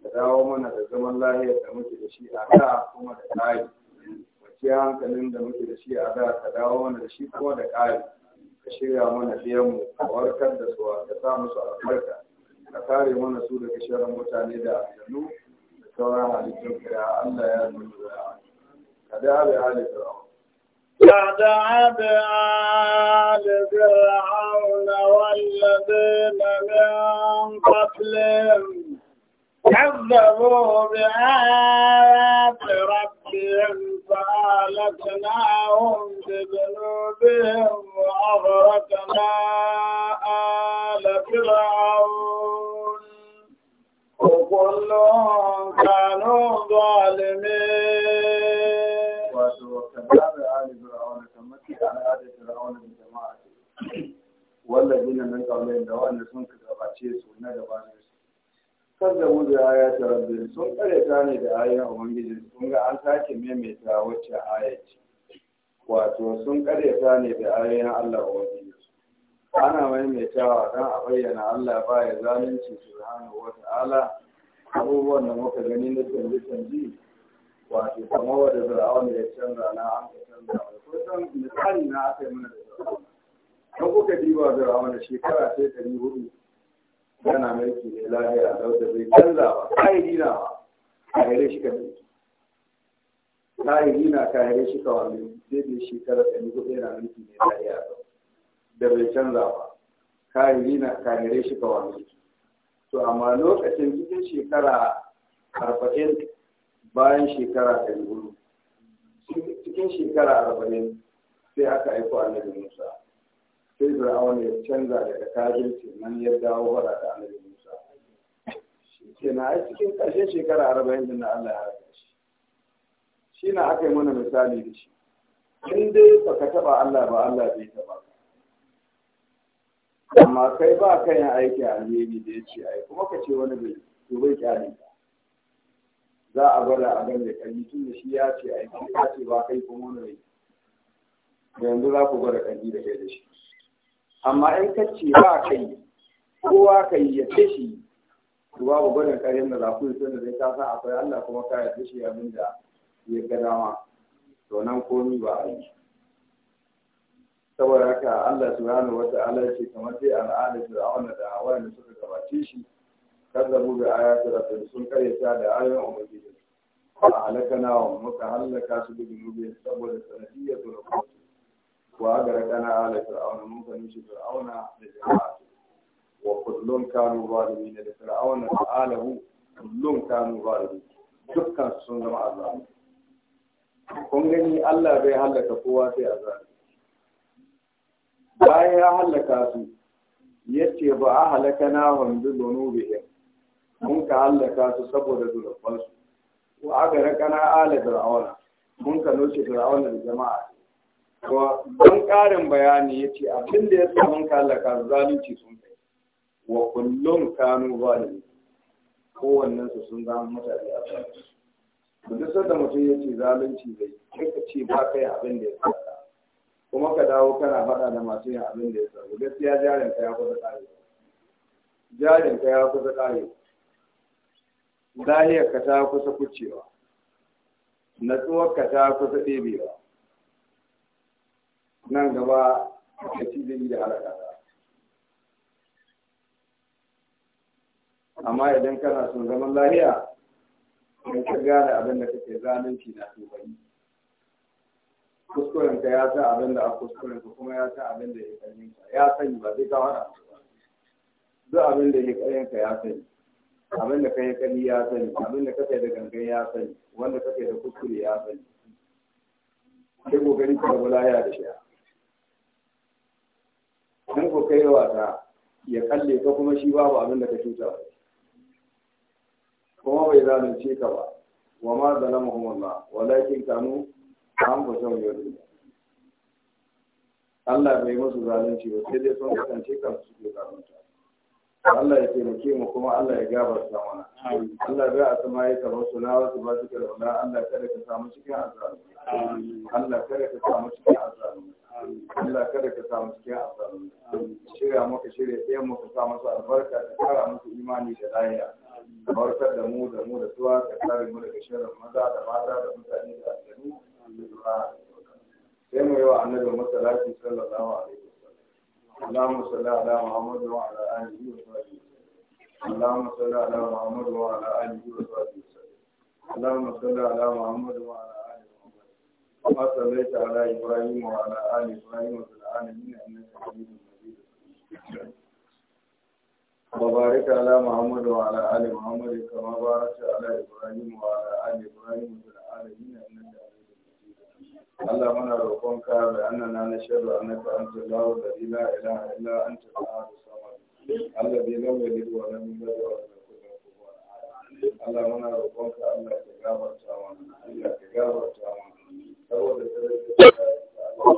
ta dawo mana da zaman lahiyar da muke da shi a da kuma da kai wace hankalin da muke da shi a da ta dawo mana da shi kuma da kai ka shirya mana biyan mu ka warkar da su ka sa musu albarka ka kare mana su daga shirin mutane da aljanu sauran halittun kira Allah ya zuru da آل فرعون والذين من قبلهم كذبوا بآيات ربهم فأهلكناهم بذنوبهم وأغرقنا آل فرعون وكلهم an hada fir'auna da jama'a wallahi nan nan kawai da wanda sun ka gabace su na gabanin su kazzabu da aya ta rabbi sun kare ta ne da ayoyin ubangiji sun ga an sake maimaita wacce aya ce wato sun kare ta ne da ayoyin Allah ubangiji ana maimaitawa don a bayyana Allah ba ya zalunci subhanahu wa ta'ala abubuwan da muka gani na canje-canje wato kamar wadda fir'auna ya canza na an ka canza kusan misali na aka yi mana da sauran kan kuka diba da rawa da shekara sai ɗari hudu yana mulki ne lahiya da wanda bai canza ba kahiri na ba kahire shi ka mulki kahiri na kahire shi ka wani daidai shekara ɗari hudu yana mulki ne lahiya da bai canza ba kahiri na kahire shi ka wani to amma lokacin cikin shekara arba'in bayan shekara ɗari hudu cikin shekara arba'in sai aka aiko annabi musa sai fir'aun ya canza daga kafirci nan ya dawo bara da annabi musa shi ke na a cikin ƙarshen shekara arba'in da na allah ya shi shi na aka yi mana misali da shi in dai ba ka taɓa allah ba allah zai taɓa ba. amma kai ba kan yin aiki alheri da ya ce ai kuma ka ce wani bai to bai kyale ka za a gwada a gan da kalli tun da shi ya ce a yi ya ce ba kai kuma wani rai da yanzu za ku gwada kalli da kai da shi amma in ka ce ba kai kowa kai ya ce shi ku babu gwada karyar da za ku yi tun da zai kasa akwai Allah kuma ka ce shi abin da ya ga dama to nan komi ba a yi saboda haka Allah subhanahu wa ta'ala ce kamar dai al'adar fir'auna da wanda suka gabace shi kazzabu bi ayati rabbihim sun karyata da ayoyin ubangiji fa halakana wa muka halaka su bi dunubi saboda sanadiyyar zurfin wa garakana ala fir'auna mun kan shi fir'auna da jama'a wa kullun kanu da da sun zama azami kun gani Allah bai halaka kowa sai azami bayan ya halaka su yace ba a halaka na hundu dunubihim mun ka hallaka su saboda zurfansu wa aka rakana ala fir'auna mun ka noce fir'auna da jama'a ko don karin bayani yace abin da yasa mun ka hallaka zalunci sun kai wa kullum kanu zalimi wannan su sun zama mutane a cikin su duk sanda mutum yace zalunci zai kai ka ce ba kai abin da ya saka kuma ka dawo kana faɗa da masu yin abin da ya saka gaskiya jarin ka ya kusa ƙare jarin ka ya kusa ƙare zahiyarka ka ta kusa kucewa natsuwar ka ta kusa ɗebewa nan gaba ka cikin da halaka amma idan kana son zaman lahiya kai ka gane abin da kake shi na tubali kuskuren ka ya san abin da a kuskuren ka kuma ya san abin da ya karnin ka ya sani ba zai ka wada duk abin da ya karnin ka ya sani abin da kai kani ya sani abin da kake da gangan ya sani wanda kake da kuskure ya sani sai kokari ka rabu ya da shi dan ko kai wata ya kalle ka kuma shi babu abin da ka cuta kuma bai zalunce ka ba wa ma zalamahum Allah walakin kanu anfusahum yadun Allah bai musu zalunci ba sai dai sun kasance kan su ke zalunta Allah ya taimake mu kuma Allah ya gabata mana Allah bai a sama ya taba su na wasu ba su karɓa Allah kada ka samu cikin azabu. Allah kada ka samu cikin azabu. Allah kada ka samu cikin azabu. shirya maka shirya ɗaya maka sa masu albarka ka kara musu imani da lafiya barkar da mu da mu da tuwa ta kare mu daga shirin maza da mata da mutane da aljanu sai mu yi wa annabi masallaci sallallahu alaihi Allahumma salli ala Muhammad wa ala ali Muhammad wa ala ali Muhammad wa ala wa ala ali Muhammad wa ala ali Muhammad wa ala ali wa ala ali Muhammad wa ala ali Muhammad wa ala ali wa ala ali Muhammad wa ala ali Muhammad wa ala wa ala ali Muhammad wa ala ali Muhammad wa ala wa ala ali Muhammad wa ala ali Muhammad wa ala ali wa ala ali Muhammad wa ala ali Allah muna roƙonka da annana na shirya annaka an tilawa da ila ila ila an tilawa da sama. Allah bai lau ya liru wa nan da wa da kuma kuma. Allah muna roƙonka Allah ka gabarta mana. Allah ka Saboda sarki